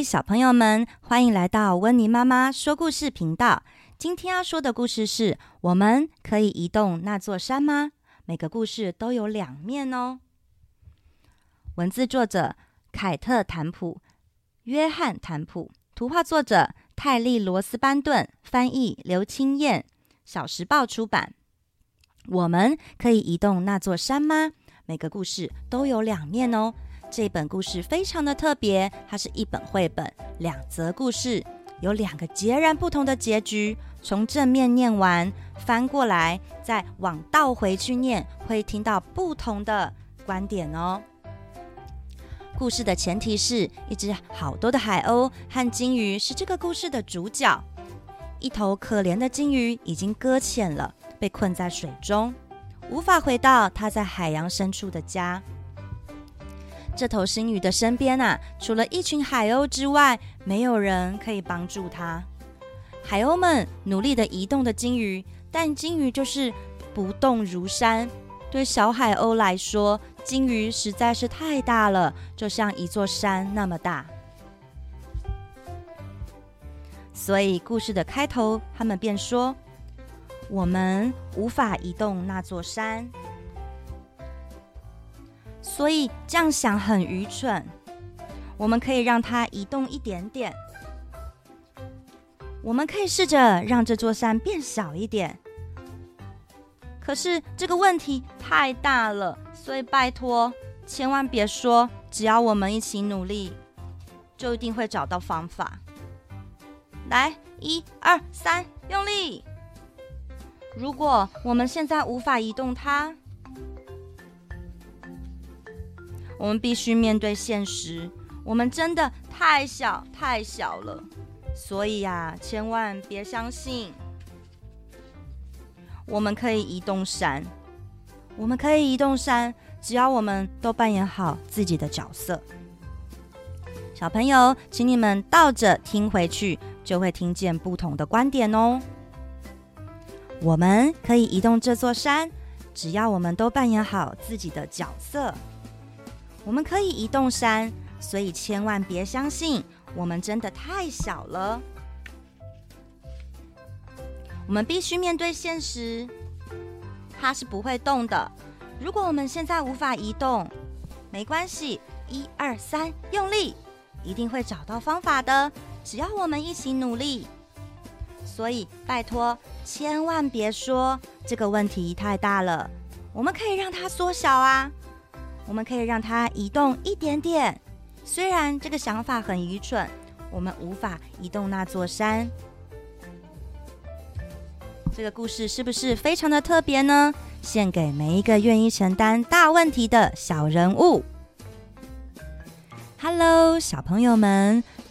小朋友們，歡迎來到溫妮媽媽說故事頻道。今天要說的故事是：我們可以移動那座山嗎？每個故事都有兩面哦。文字作者：凱特·坦普、約翰·坦普；圖畫作者：泰莉·蘿絲·班頓；翻譯：劉清彥。小時報出版。我們可以移動那座山嗎？每個故事都有兩面哦。這本故事非常的特別，它是一本繪本，兩則故事，有兩個截然不同的結局。從正面念完，翻過來，再往倒回去念，會聽到不同的觀點哦。故事的前提是一隻好多的海鸚和鯨魚是這個故事的主角，一頭可憐的鯨魚已經擱淺了，被困在水中，無法回到它在海洋深處的家。這頭鯨魚的身邊啊，除了一群海鸚之外，沒有人可以幫助它。海鸚們努力的移動的鯨魚，但鯨魚就是不動如山。對小海鸚來說，鯨魚實在是太大了，就像一座山那麼大。所以故事的開頭，他們便說：“我們無法移動那座山。”所以這樣想很愚蠢。我們可以讓它移動一點點。我們可以試着讓這座山變小一點。可是這個問題太大了，所以拜托，千萬別說。只要我們一起努力，就一定會找到方法。來，一二三，用力！如果我們現在無法移動它，我們必須面對現實，我們真的太小太小了，所以呀、啊，千萬別相信。我們可以移動山。我們可以移動山，只要我們都扮演好自己的角色。小朋友，請你們倒着聽回去，就會聽見不同的觀點哦。我們可以移動這座山，只要我們都扮演好自己的角色。我們可以移動山，所以千萬別相信我們真的太小了。我們必須面對現實，它是不會動的。如果我們現在無法移動，沒關係，一二三，用力，一定會找到方法的。只要我們一起努力，所以拜托，千萬別說這個問題太大了，我們可以讓它縮小啊。我們可以讓它移動一點點，雖然這個想法很愚蠢，我們無法移動那座山。這個故事是不是非常的特別呢？獻給每一個願意承擔大問題的小人物。Hello，小朋友們。